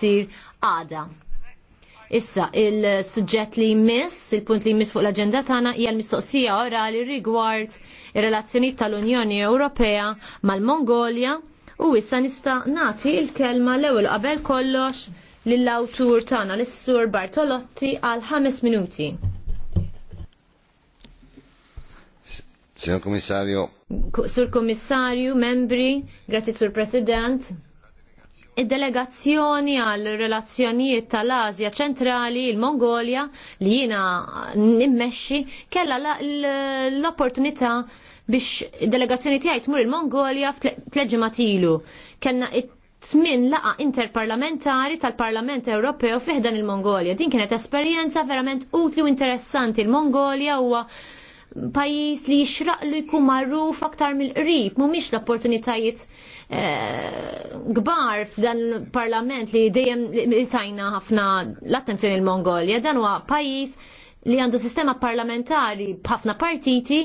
tsir għada. Issa, il sujġet li jmiss, il-punt li jmiss fuq l-agenda tagħna hija l-mistoqsija orali rigward ir-relazzjonijiet tal-Unjoni Ewropea mal-Mongolja u issa nista' nagħti l-kelma l-ewwel qabel kollox lill-awtur tagħna lis-Sur Bartolotti għal ħames minuti. Signor Komissarju. Sur Komissarju, membri, grazie Sur President id-delegazzjoni għal relazzjonijiet tal-Azja ċentrali, il-Mongolja, li jina nimmexxi, kella l-opportunità biex delegazzjoni tiegħi tmur il-Mongolja f'tleġimatilu. Kenna tmin laqa interparlamentari tal-Parlament Ewropew fiħdan il-Mongolja. Din kienet esperjenza verament utli u interessanti. Il-Mongolja huwa pajis li jixraq li jkun magħruf aktar mill-qrib, mhumiex l-opportunitajiet eh, kbar f'dan il-parlament li dejjem li tajna ħafna l-attenzjoni l-Mongolja. Dan huwa pajis li għandu sistema parlamentari b'ħafna partiti,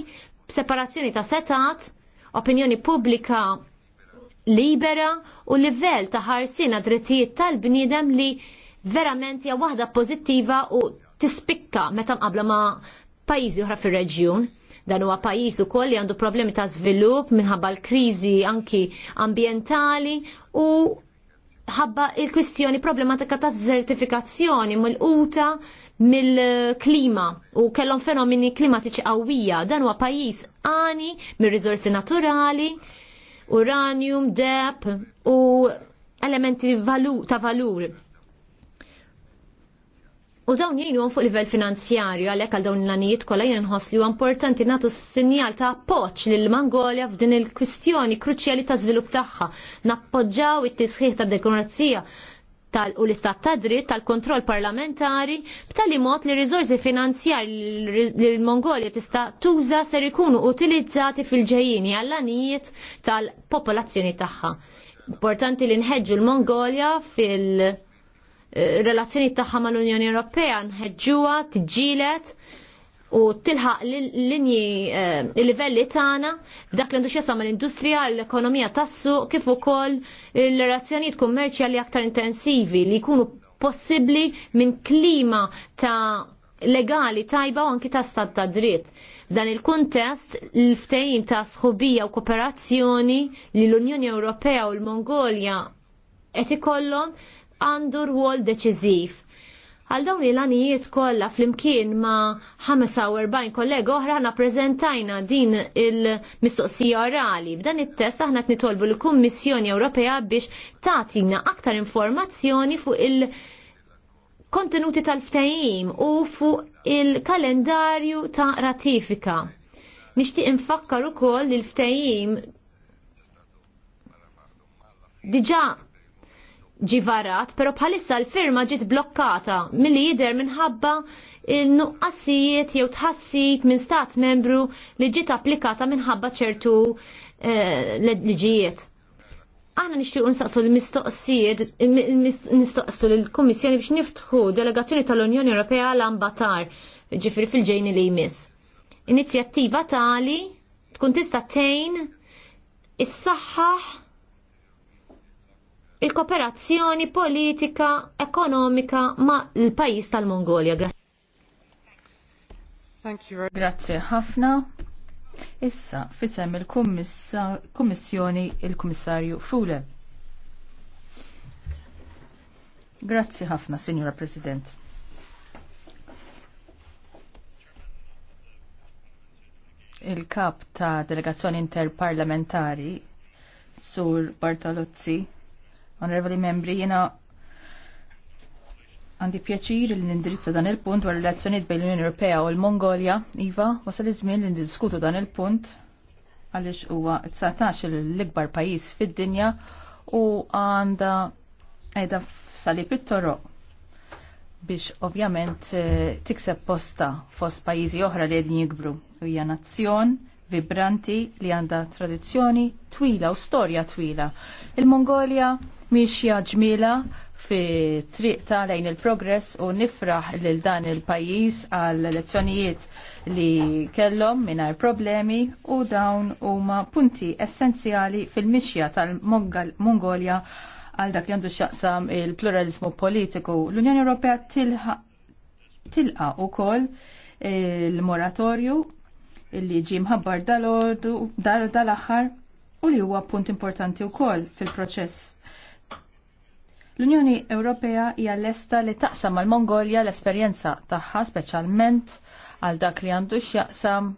separazzjoni ta' setat, opinjoni pubblika libera u livell ta' ħarsina drittijiet tal-bniedem li verament hija waħda pożittiva u tispikka meta mqabla ma' pajjiżi oħra fir-reġjun dan huwa pajjiż ukoll li għandu problemi ta' żvilupp minħabba l-kriżi anki ambjentali u ħabba il-kwistjoni problematika ta' zertifikazzjoni mill-quta mill-klima u kellhom fenomeni klimatiċi qawwija. Dan huwa pajjiż għani mir-riżorsi naturali, uranium, dep u elementi ta' valur U dawn jgħinu fuq livell finanzjarju għalhekk għal dawn l anijiet kollha jien nħoslu importanti importanti nagħtu sinjal ta' appoġġ l Mangolja f'din il-kwistjoni kruċjali ta' zvilup tagħha. Nappoġġaw it-tisħiħ ta' dekorazzija tal u l-istat ta' dritt tal-kontroll parlamentari b'tali mod li riżorsi finanzjarji li l-Mongolja tista' tuża ser ikunu utilizzati fil-ġejjini għall anijiet tal-popolazzjoni tagħha. Importanti li nħeġġu l-Mongolja fil- relazzjoni tagħha mal-Unjoni Ewropea nħeġġuha tġilet u tilħaq linji eh, livelli tagħna dak li għandu x'jasam l-industrija, l-ekonomija tas-suq kif ukoll il-relazzjonijiet kummerċjali aktar intensivi li jkunu possibbli minn klima ta' legali tajba u anki ta' stat ta' dritt. Dan il-kontest l-ftejim ta' sħubija u kooperazzjoni li l-Unjoni Ewropea u l-Mongolja qed ikollhom għandu rwol deċiżiv. Għal dawn il-għanijiet kollha flimkien ma' 45 kollega oħra ħna prezentajna din il-mistoqsija orali. B'dan it-test aħna qed nitolbu l-Kummissjoni Ewropea biex tagħtina aktar informazzjoni fuq il- kontenuti tal-ftajim u fuq il-kalendarju ta' ratifika. Nixtieq infakkar ukoll li l-ftajim diġà ġi varat, pero bħalissa l-firma ġiet blokkata milli jidher minħabba il-nuqqasijiet jew tħassib minn stat membru li ġiet applikata minħabba ċertu eh, liġijiet. Aħna nixtiequ nsaqsu l-mistoqsijiet, nistoqsu l-Kummissjoni biex niftħu delegazzjoni tal-Unjoni Ewropea l-ambatar ġifri fil-ġejni li jmiss. Inizjattiva tali tkun tista' tejn is-saħħaħ il-kooperazzjoni politika ekonomika ma' l-pajis tal-Mongolja. Grazie. ħafna. Issa, fisem il-Kummissjoni il-Kummissarju Fule. Grazzi ħafna, Signora President. Il-kap ta' delegazzjoni interparlamentari, Sur Bartolozzi, onorevoli membri, jena għandi pjaċir li nindirizza dan il-punt dwar relazzjoniet bejn l-Unjoni Ewropea u l-Mongolja. Iva, wasal iż-żmien li ndiskutu dan il-punt għaliex huwa 19 l-ikbar pajjiż fid-dinja u għandha qiegħda salib it-toroq biex ovvjament eh, tikseb posta fost pajjiżi oħra li qegħdin jikbru. Hija nazzjon vibranti li għandha tradizzjoni twila u storja twila. Il-Mongolja miexja ġmila fi triq ta' lejn il-progress u nifraħ lil dan il-pajis għal elezzjonijiet li kellhom mingħajr problemi u dawn huma punti essenzjali fil-mixja tal-Mongolja għal dak li għandu xaqsam il-pluralizmu politiku. L-Unjoni Ewropea tilqa u koll il-moratorju illi ġi mħabbar dal-aħħar u li huwa punt importanti wkoll fil-proċess. L-Unjoni Ewropea hija lesta li taqsam mal-Mongolja l-esperjenza tagħha speċjalment għal dak li għandu x'jaqsam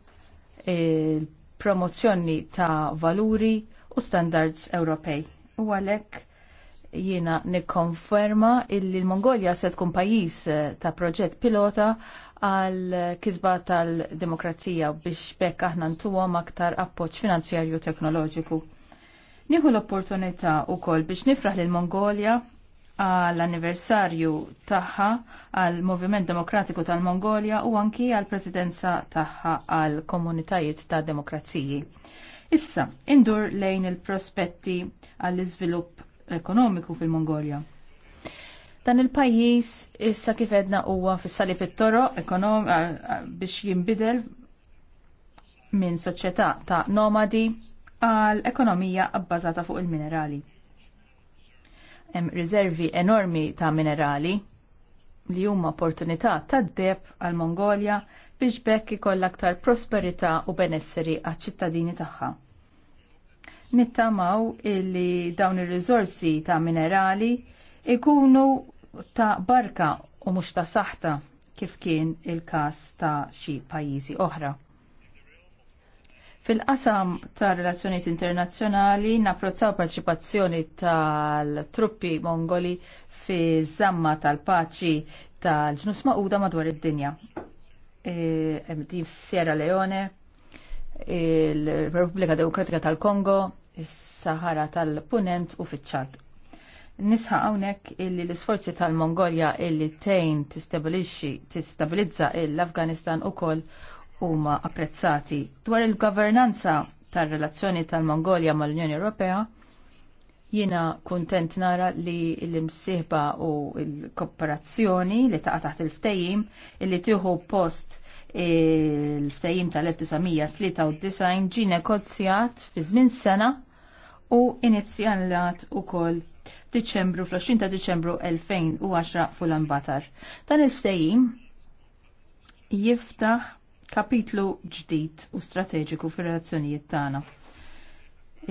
il-promozzjoni ta' valuri u standards Ewropej. U għalhekk jiena nikkonferma illi l-Mongolja se tkun pajjiż ta' proġett pilota għal kisba tal-demokrazija biex bekk aħna ntuhom aktar appoġġ finanzjarju teknoloġiku. Nieħu l-opportunità wkoll biex nifraħ lil Mongolja għall anniversarju tagħha għal Moviment Demokratiku tal-Mongolja u anki għal presidenza tagħha għal komunitajiet ta' demokraziji. Issa, indur lejn il-prospetti għall-iżvilupp ekonomiku fil-Mongolja. Dan il-pajjiż issa kif edna huwa fis-sali pit-toro biex jinbidel minn soċjetà ta' nomadi għal ekonomija abbażata fuq il-minerali. Hemm riservi enormi ta' minerali li huma opportunità tad-deb għal Mongolja biex bekk ikoll aktar prosperità u benesseri għaċ-ċittadini tagħha. Nittamaw illi dawn ir-riżorsi ta' minerali ikunu ta' barka u mhux ta' saħta kif kien il-każ ta' xi pajjiżi oħra. Fil-qasam ta' relazzjoniet internazzjonali napprozzaw parċipazzjoni tal-truppi mongoli fi zamma tal-paċi tal-ġnus maquda madwar id-dinja. E, Din Sierra Leone, il-Repubblika Demokratika tal-Kongo, is-Sahara tal-Punent u fiċ Nisħa hawnhekk illi l-isforzi tal-Mongolja illi tejn tistabilixxi tistabilizza l-Afganistan ukoll huma apprezzati. Dwar il-governanza tar-relazzjoni tal-Mongolja mal-Unjoni Ewropea, Jiena kuntent nara li l-imsiħba u l-kooperazzjoni li taqa taħt il-ftejim illi tieħu post il-ftejim tal-1993 ġi negozjat fi żmien sena u inizjallat ukoll Deċembru, fl-20 ta' Diċembru 2010 fulan batar. Dan il-ftehim jiftaħ kapitlu ġdid u strateġiku fir-relazzjonijiet tagħna.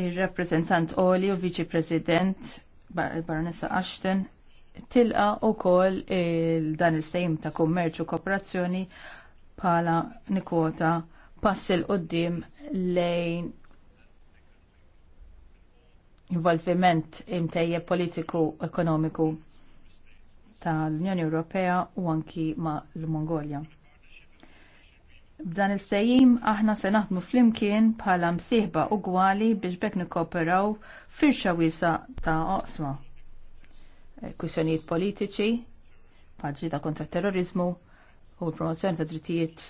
Ir-rappreżentant Oli u Viċi President Baronessa Ashton tilqa wkoll il dan il-fejm ta' kummerċu kooperazzjoni pala nikota passil il qoddim lejn involviment imtejje politiku ekonomiku tal-Unjoni Ewropea u anki ma' l-Mongolja. B'dan il-sejjim aħna se naħdmu flimkien bħala msieħba ugwali biex bekk nikkooperaw firxa wiesa ta' oqsma. Eh, Kwissjonijiet politiċi, paġġi ta' kontra terrorizmu u l-promozzjoni ta' drittijiet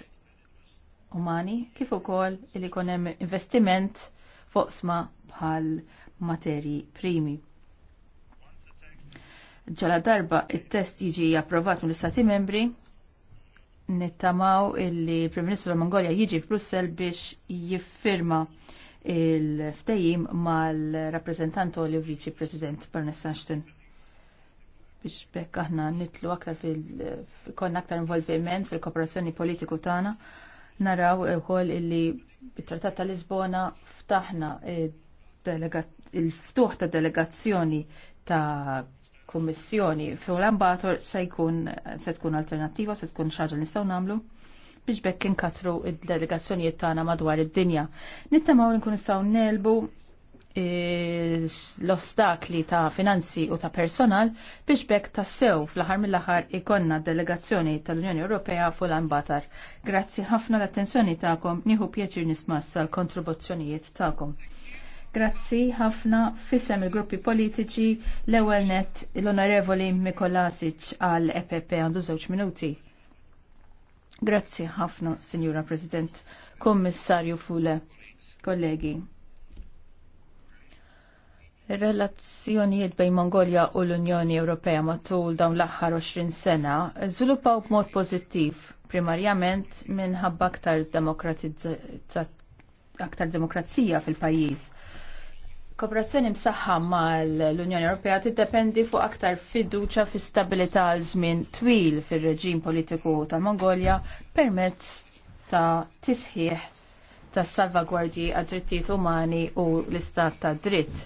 umani, kif ukoll il-ikonem investiment foqsma bħal materji primi. Ġala darba il test jiġi approvat mill-Istati membri, nittamaw li prim Ministru tal-Mongolja jiġi f'Brussel biex jiffirma il-ftejim mal-rappresentant li viċi President Bernes Ashton. Biex bekk aħna nitlu aktar fil-konna aktar involviment fil-kooperazzjoni politiku tagħna naraw ukoll illi bit-Trattat ta' Lisbona ftaħna delegat il-ftuħ ta' delegazzjoni ta' kummissjoni fuq l-ambator se jkun se tkun alternattiva, se tkun xaġa nistgħu nagħmlu biex bekk inkatru id-delegazzjonijiet tagħna madwar id-dinja. Nittamaw nkun nistgħu nelbu e, l-ostakli ta' finanzi u ta' personal biex bekk tassew fl-ħar mill-ħar ikonna delegazzjoni tal-Unjoni Ewropea fuq l-ambatar. Grazzi ħafna l-attenzjoni ta'kom, nieħu pjaċir nismas sal kontribuzzjonijiet ta'kom. Grazzi ħafna fissem il-gruppi politiċi l-ewel net l-onorevoli Mikolasic għal EPP għandu żewġ minuti. Grazzi ħafna, Signora President, Kommissarju Fule, kollegi. Relazzjonijiet bejn Mongolja u l-Unjoni Ewropea matul dawn l-aħħar 20 sena żviluppaw b'mod pożittiv, primarjament minħabba aktar aktar demokrazija fil-pajjiż. Kooperazzjoni msaħħa mal-Unjoni Ewropea tiddependi fuq aktar fiduċa fi stabilità żmien twil fir-reġim politiku tal-Mongolja permezz ta' tisħiħ tas salvagwardji għad-drittijiet umani u l-istat ta' dritt.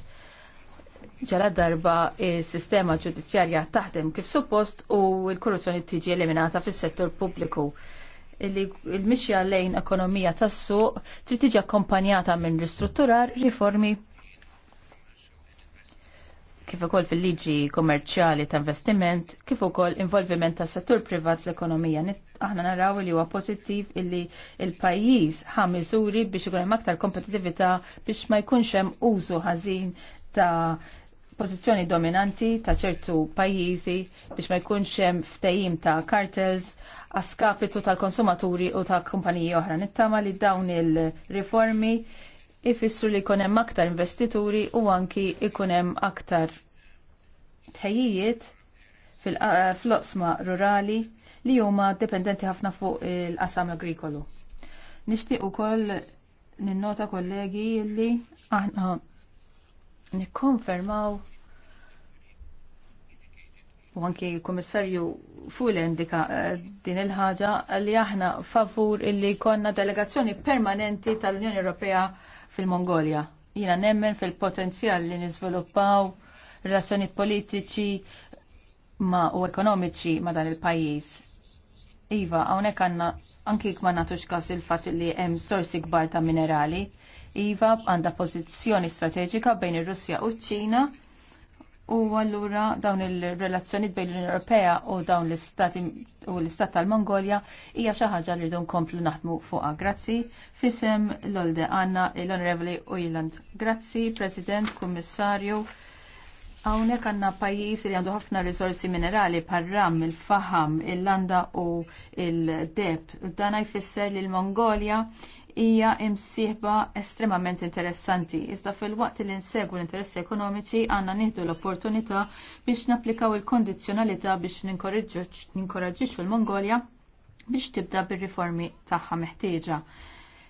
Ġala darba is sistema ġudizzjarja taħdem kif suppost u l-korruzzjoni tiġi eliminata fis-settur pubbliku. Il-mixja lejn ekonomija tas-suq trid tiġi akkompanjata minn ristrutturar, riformi kif ukoll fil-liġi kommerċjali ta' investiment, kif ukoll involviment ta' settur privat fl-ekonomija. Aħna naraw li huwa pożittiv illi il-pajjiż ħa miżuri biex ikun hemm aktar kompetitività biex ma jkunx hemm użu ħażin ta' pożizzjoni dominanti ta' ċertu pajjiżi biex ma jkunx hemm ftehim ta' kartels skapitu tal-konsumaturi u ta' kumpaniji oħra. Nittama li dawn il-riformi ifissru li jkun hemm aktar investituri u anki jkun hemm aktar tħejjiet fil-oqsma rurali li huma dipendenti ħafna fuq il-qasam agrikolu. Nixtieq ukoll ninnota kollegi li aħna nikkonfermaw u anki l-Kummissarju Fule indika eh, din il-ħaġa li aħna favur illi konna delegazzjoni permanenti tal-Unjoni Ewropea fil-Mongolja. Jina nemmen fil-potenzjal li niżviluppaw relazzjonijiet politiċi ma' u ekonomiċi ma' dan il-pajjiż. Iva, hawnhekk għandna anki ma nagħtux każ il-fatt li hemm sorsi kbar ta' minerali. Iva għandha pożizzjoni strateġika bejn ir-Russja u ċ-Ċina U allura dawn il-relazzjoniet bejn l-Unjoni Ewropea u dawn l-Istati u l-Istat tal-Mongolja hija xi ħaġa li rridu nkomplu naħdmu fuqha. Grazzi. Fisem l-Olde Anna l-Onorevoli Ujland. Grazzi, President, Kummissarju. Hawnhekk għandna pajjiż li għandu ħafna risorsi minerali parram, il-faham, il-landa u il-deb. Dan jfisser li l-Mongolja hija imsieħba estremament interessanti. Iżda fil-waqt li nsegwu l-interessi ekonomiċi għandna nieħdu l-opportunità biex napplikaw il-kondizzjonalità biex ninkoraġġixxu l-Mongolja biex tibda bir-riformi tagħha meħtieġa.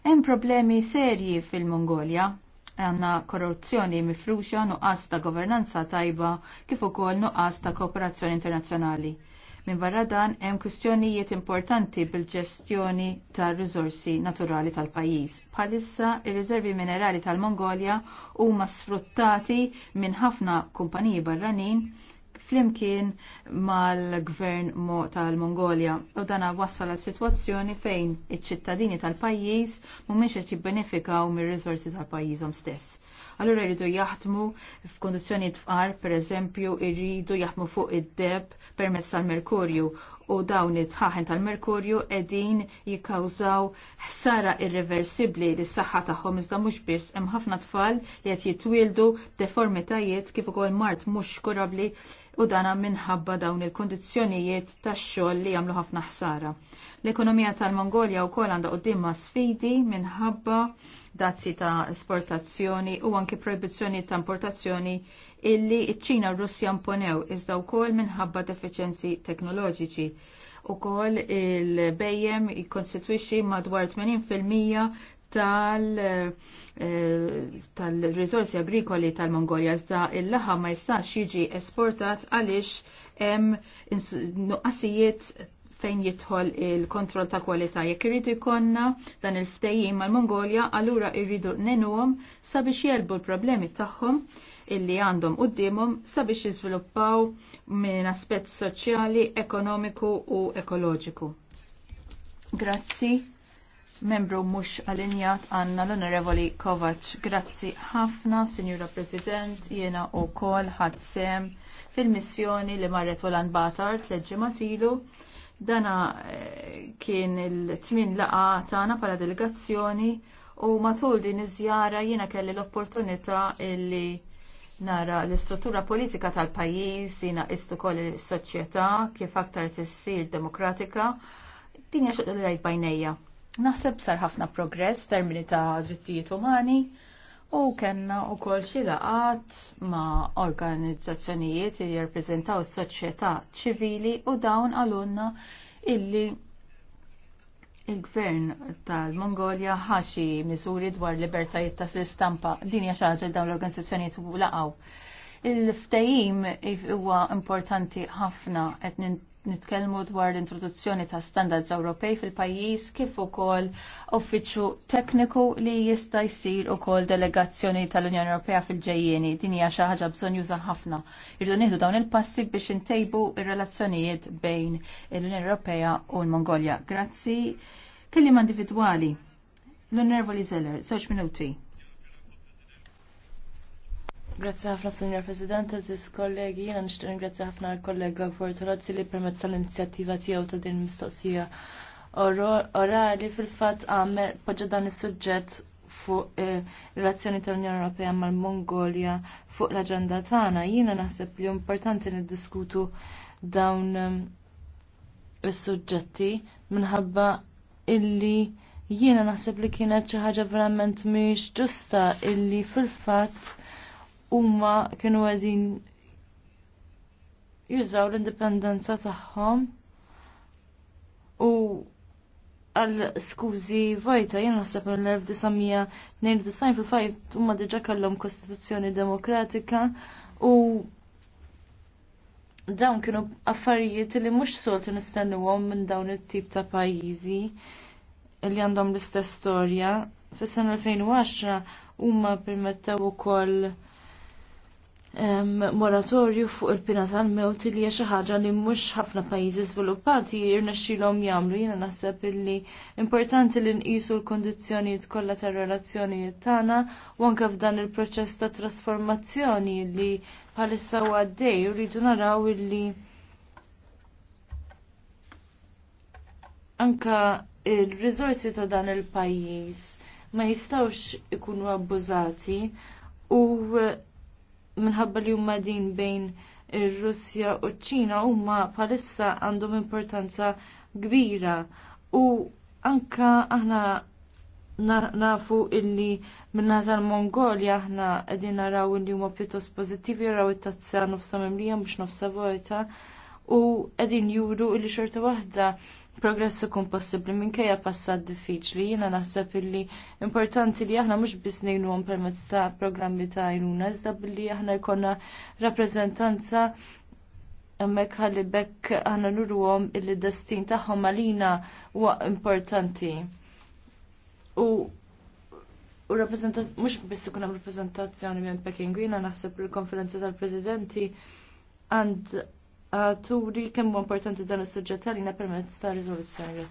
Hemm problemi serji fil-Mongolja, għanna korruzzjoni mifruxa nuqqas ta' governanza tajba kif ukoll nuqqas ta' kooperazzjoni internazzjonali. Minn barra dan hemm kwistjonijiet importanti bil-ġestjoni tar-riżorsi naturali tal-pajjiż. Bħalissa ir riżervi minerali tal-Mongolja huma sfruttati minn ħafna kumpaniji barranin flimkien mal-gvern mo tal-Mongolja u dan wassal għal sitwazzjoni fejn iċ-ċittadini tal-pajjiż mhumiex qed jibbenefikaw mir-riżorsi tal-pajjiżhom stess allura jridu jaħdmu f'kondizzjoni tfqar, per eżempju, rridu jaħdmu fuq id-deb permezz tal-merkurju u dawn it-tħaħen tal-merkurju edin jikkawżaw ħsara irreversibli li s-saħħa tagħhom iżda mhux biss hemm ħafna tfal li qed jitwieldu deformitajiet kif ukoll mart mhux kurabli u dana minħabba dawn il-kondizzjonijiet tax-xogħol li jagħmlu ħafna ħsara. L-ekonomija tal-Mongolja wkoll għandha qudiemha sfidi minħabba dazzi ta' esportazzjoni u anki proibizzjoni ta' importazzjoni illi ċ-Ċina u Russja imponew iżda wkoll minħabba defiċjenzi teknoloġiċi. Ukoll il-bejjem jikkonstitwixxi madwar 80% tal- eh, tal-rizorsi agrikoli tal-Mongolja iżda il-laħa ma jistax jiġi esportat għaliex hemm nuqqasijiet fejn jidħol il-kontroll ta' kwalità. Jekk irridu jkollna dan il-ftejjim mal-Mongolja, allura irridu nenuhom sabiex jelbu l-problemi tagħhom illi għandhom qudiemhom sabiex jiżviluppaw minn aspett soċjali, ekonomiku u ekoloġiku. Grazzi, membru mhux allinjat għandna l-Onorevoli Kovac. Grazzi ħafna, Sinjura President, jiena wkoll ħadd sem fil-missjoni li marret u l tliet ġimgħat ilu Dana eh, kien il-tmin laqa tagħna bħala delegazzjoni u matul din iż-żjara jiena kelli l-opportunità li nara l-istruttura politika tal-pajjiż, jiena istu koll is-soċjetà kif aktar tissir demokratika, Dinja hija xoqgħod rajt bajnejja. Naħseb sar ħafna progress termini ta' drittijiet umani, U kellna wkoll xi xilaqat ma' organizzazzjonijiet li jirrappreżentaw is-soċjetà ċivili u dawn għalunna illi il-gvern tal-Mongolja ħaxi miżuri dwar libertajiet ta' l-istampa din hija xi ħaġa dawn l-organizzazzjonijiet laqgħu. Il-ftajim huwa importanti ħafna qed nitkellmu dwar l-introduzzjoni ta' standards Ewropej fil-pajjiż kif ukoll uffiċċju tekniku li jista' jsir ukoll delegazzjoni tal-Unjoni Ewropea fil-ġejjieni. Din hija xi ħaġa bżonn juża ħafna. Irdu nieħdu dawn il-passi biex intejbu ir-relazzjonijiet bejn l-Unjoni Ewropea u l-Mongolja. Grazzi. Kelliem individwali. L-Onorevoli Zeller, żewġ minuti. Grazzi ħafna, Signor President, eżis kollegi, jena nishtin grazzi ħafna l-kollega Portolozzi li permezz tal-inizjattiva tiegħu ta' din mistoqsija orali fil-fatt għamel poġġa dan is-suġġett fuq eh, relazzjoni tal-Unjoni Ewropea mal-Mongolja fuq l-aġenda tagħna. Jiena naħseb li importanti niddiskutu dawn eh, is-suġġetti minħabba illi jiena naħseb li kienet xi ħaġa verament mhix ġusta illi fil-fatt huma kienu għedin jużaw l-indipendenza tagħhom u għal skużi Vajta jien naħseb l-1992 fil-fajt huma diġà kellhom kostituzzjoni demokratika u dawn kienu affarijiet li mhux soltu għom minn dawn it-tip ta' pajjiżi li għandhom l-istess storja. Fis-sena 2010 huma permettew ukoll moratorju fuq il-pina tal-mewt li hija xi ħaġa li mhux ħafna pajjiżi żviluppati jirnexxilhom jagħmlu. Jiena naħseb illi importanti li nqisu l kundizzjonijiet kollha tar-relazzjonijiet tagħna u anke f'dan il-proċess ta' trasformazzjoni li bħalissa u għaddej rridu naraw illi anka il-riżorsi ta' dan il-pajjiż ma jistawx ikunu abbużati u minħabba li huma din bejn ir-Russja u ċ-Ċina huma bħalissa għandhom importanza kbira u anka aħna nafu illi minna tal-Mongolja aħna qegħdin naraw illi huma pjuttost pożittivi raw it tazza nofsa mimlija mhux nofsa vojta u qegħdin juru illi xorta waħda progress ikun possibbli minkejja passat diffiċli, jiena naħseb illi importanti li aħna mhux biss ngħinuhom permezz ta' programmi ta' għajnuna, iżda billi aħna jkollna rappreżentanza hemmhekk ħalli bekk aħna nurruhom illi destin tagħhom għalina huwa importanti. U u mux biss ikun hemm rappresentazzjoni minn Peking, jiena naħseb il-konferenza tal-presidenti għand turi kemm huwa importanti dan is-suġġett għalina permezz ta' riżoluzzjoni.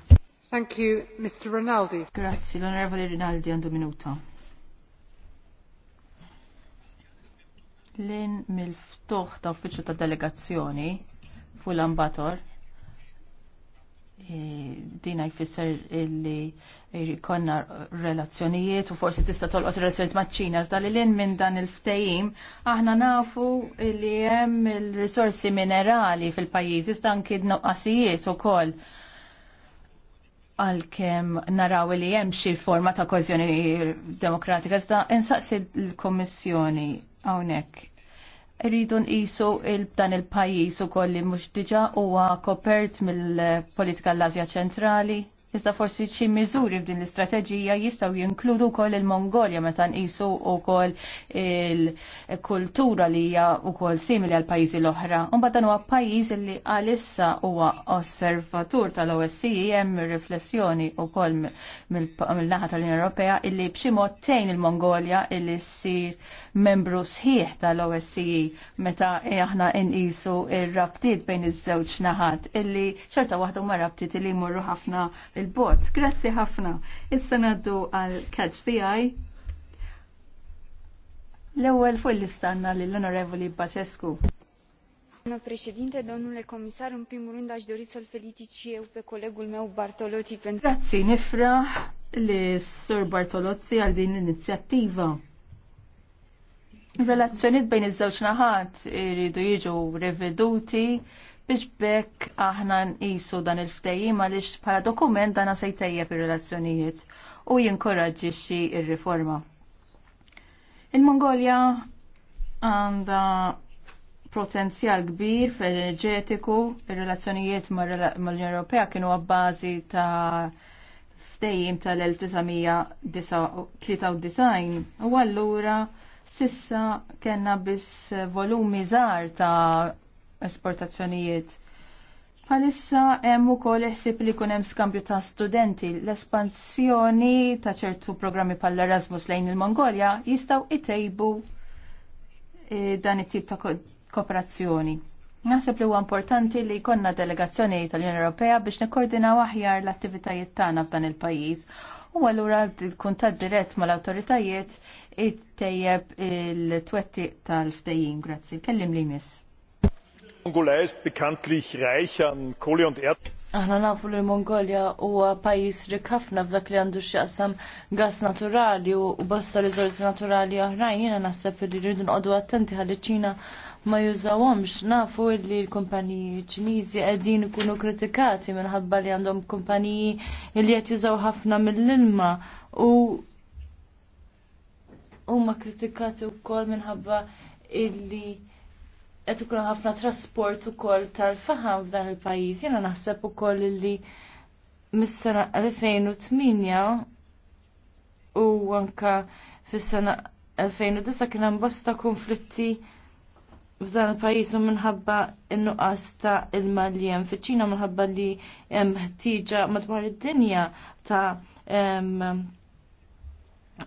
Thank you, Mr. Rinaldi. Grazzi, l-Onorevoli Rinaldi għandu minuta. Lin mill-ftuħ ta' uffiċċju ta' delegazzjoni fu l-ambator E, dina jfisser li jkonna relazzjonijiet u forsi tista tolqot relazzjonijiet maċ zda li l-in minn dan il-ftejim, aħna nafu li hemm il-risorsi minerali fil-pajjiż, iżda nkid nuqqasijiet ukoll għalkemm naraw li hemm xi forma ta' kozjoni demokratika. Iżda insaqsi l komissjoni hawnhekk rridu nqisu dan il-pajjiż ukoll li mhux diġà huwa kopert mill-politika l azja ċentrali Jista' forsi xi miżuri f'din l-istrateġija jistgħu jinkludu wkoll il-Mongolja meta nqisu wkoll il-kultura li hija wkoll simili għal pajjiżi l-oħra. mbagħad dan huwa pajjiż li għalissa huwa osservatur tal-OSCE hemm riflessjoni wkoll mill-naħa tal-Unjoni Ewropea illi b'xi mod tgħin il-Mongolja illi ssir membru sħiħ tal-OSCE meta aħna nqisu r rabtiet bejn iż-żewġ naħat illi xorta waħda huma rabtiet illi jmorru ħafna il-bot. Grazzi ħafna. Issa naddu għal catch the eye. l ewel fuq l-istanna l onorevoli Basescu. Doamnă președinte, domnule comisar, în primul rând aș dori să-l felicit și eu pe colegul meu Bartolotti pentru... Grazie, Nefra, le sor Bartolotti għal din l-inizjattiva. Relazzjoniet bejn iż-żewġ naħat iridu jiġu reveduti biex bekk aħna nqisu dan il ftejim għaliex bħala dokument dan se jtejjeb ir-relazzjonijiet u jinkoraġġixxi r-riforma. Il-Mongolja għandha potenzjal kbir fil-enerġetiku, ir-relazzjonijiet mal-Unjoni Ewropea kienu għabbażi ta' ftejjim tal-1993 u allura sissa kena biss volumi żgħar ta' esportazzjonijiet. Palissa hemm ukoll iħsib li jkun hemm skambju ta' studenti. L-espansjoni ta' ċertu programmi pal Erasmus lejn il-Mongolja jistgħu itejbu e, dan it-tip ta' kooperazzjoni. Naħseb li huwa importanti li jkollna delegazzjoni tal-Unjoni Ewropea biex nikkoordinaw aħjar l-attivitajiet tagħna f'dan il-pajjiż u allura kuntat dirett mal awtoritajiet it-tejjeb il-twetti tal-ftejjin. Grazzi, kellim li miss. Mongolei ist bekanntlich reich an Kohle und Erd. Aħna nafu li l-Mongolja huwa pajjiż rik ħafna f'dak li għandu x'jaqsam gass naturali u bosta riżorsi naturali oħrajn jiena naħseb li rridu nqogħdu attenti ħalli ċina ma jużawhomx. Nafu li l-kumpaniji Ċiniżi qegħdin ikunu kritikati minħabba li għandhom kumpaniji li qed jużaw ħafna mill-ilma u huma kritikati wkoll minħabba illi qed ikun ħafna trasport ukoll tal-faħam f'dan il-pajjiż. Jiena naħseb ukoll li mis-sena 2008 u anka fis-sena 2009 kien hemm bosta konflitti f'dan il-pajjiż u minħabba n-nuqqas ta' ilma li hemm fiċ-Ċina minħabba li hemm ħtieġa madwar id-dinja ta'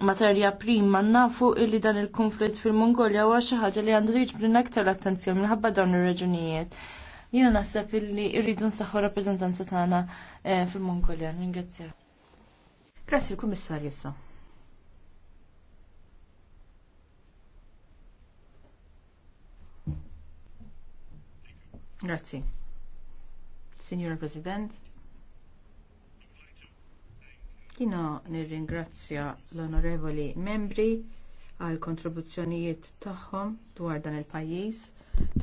materja prima nafu illi dan il-konflitt fil-Mongolja huwa xi ħaġa li għandu jiġbrilna aktar l-attenzjoni minħabba dawn ir-raġunijiet. Jiena naħseb illi rridu nsaħħu rappreżentanza tagħna eh, fil-Mongolja. Ningrazzja. Grazzi l-Kummissarju sa. Grazzi. Signor President. Jina nirringrazzja l-onorevoli membri għal kontribuzzjonijiet tagħhom dwar dan il-pajjiż.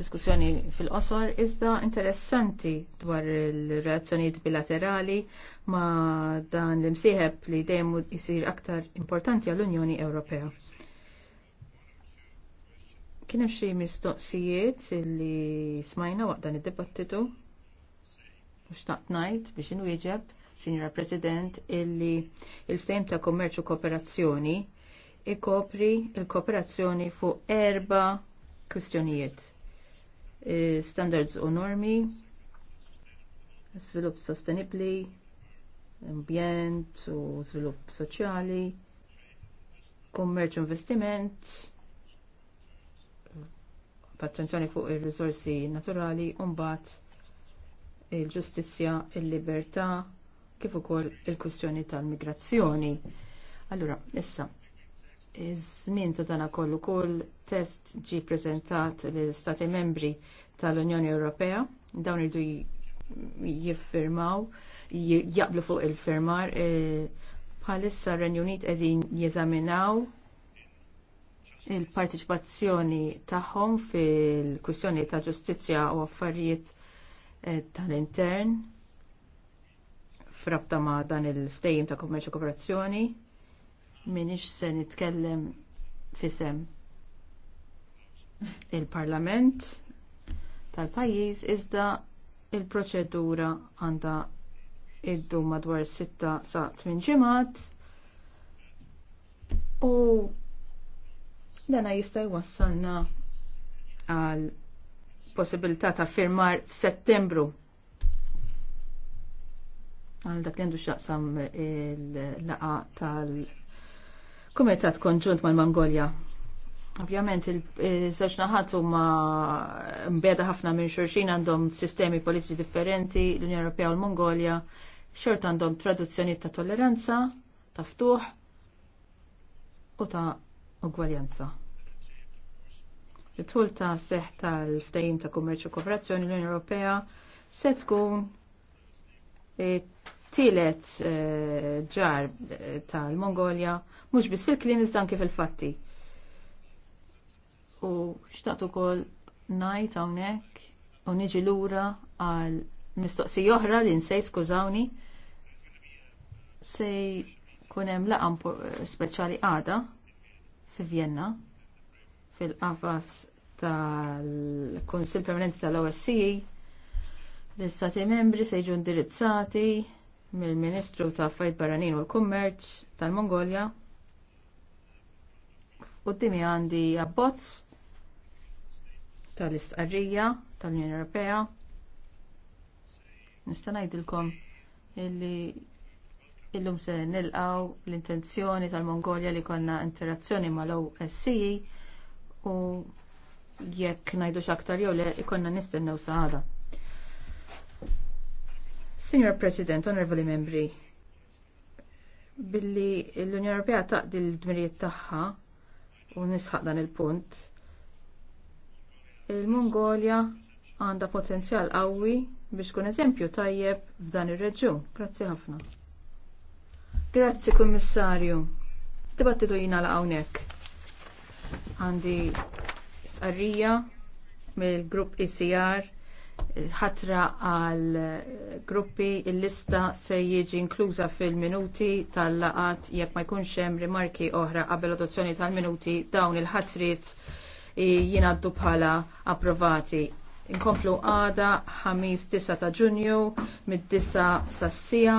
Diskussjoni fil-qosor iżda interessanti dwar il-relazzjonijiet bilaterali ma' dan l-imsieħeb li dejjem isir aktar importanti għall-Unjoni Ewropea kien hemm xi mistoqsijiet li smajna waqt dan id-dibattitu u xtaqt ngħid biex inwieġeb Signora President, illi il ftehim ta' kommerċu kooperazzjoni ikopri il-kooperazzjoni fuq erba kwistjonijiet. E, standards u normi, svilupp sostenibli, ambjent u svilupp soċjali, kummerċ investiment, attenzjoni fuq ir risorsi naturali, u mbagħad il-ġustizzja, il-libertà, kif ukoll il-kwistjoni tal-migrazzjoni. Allura, issa, iż-żmien ta' dan kollu kull test ġi preżentat l-Stati membri tal-Unjoni Ewropea, dawn irdu jiffirmaw, jaqblu fuq il-firmar, e, bħalissa r-Renju Unit qegħdin jeżaminaw il-partiċipazzjoni tagħhom fil-kwistjoni ta' ġustizzja u affarijiet e, tal-intern frabta ma' dan il-ftejim ta' kummerċu kooperazzjoni minix se nitkellem fisem il-parlament tal-pajjiż iżda il-proċedura għandha iddu madwar 6 sa 8 ġimgħat u dana jista' jwassalna għal possibilità ta' firmar f'Settembru għal dak li għandu xaqsam il-laqa tal-Kumitat Konġunt mal-Mongolja. Ovvjament, il seċna naħat huma mbeda ħafna minn xurxin għandhom sistemi politiċi differenti, l-Unjoni Ewropea u l-Mongolja, xort għandhom traduzzjoni ta' tolleranza, ta' ftuħ u ta' ugwaljanza. It-tul ta' seħ tal-ftajim ta' kummerċu kooperazzjoni l-Unjoni Ewropea se tkun tielet eh, ġar eh, tal-Mongolja, mhux biss fil-kliem iżda kif fil-fatti. U xtaqt ukoll ngħid hawnhekk u niġi lura għal mistoqsija oħra li nsej skużawni se kunem hemm speċali speċjali għada fi Vienna fil-qafas tal-Kunsill Permanenti tal-OSCE l-istati membri se jiġu indirizzati mill-Ministru ta' Affarijiet Barranin u l-Kummerċ tal-Mongolja. Qudiemi għandi abbozz tal-istqarrija tal-Unjoni Ewropea. Nista' ngħidilkom illi illum se nilqgħu l-intenzjoni tal-Mongolja li konna interazzjoni mal-OSCE u jekk ngħidux aktar jew le ikonna nistennew saħada. Signor President, onorevoli membri, billi l-Unjoni Ewropea taqdi l-dmirijiet tagħha u nisħaq dan il-punt, il-Mongolja għandha potenzjal qawwi biex tkun eżempju tajjeb f'dan ir-reġjun. Grazzi ħafna. Grazzi Kummissarju. Dibattitu la hawnhekk. Għandi stqarrija mill-grupp ICR e ħatra għal gruppi il-lista se jiġi inkluża fil-minuti tal-laqat jekk ma jkunx hemm rimarki oħra qabel adozzjoni tal-minuti dawn il ħatriet jingħaddu bħala approvati. Inkomplu għada ħamis 9 ta' Ġunju mid-9 sassija.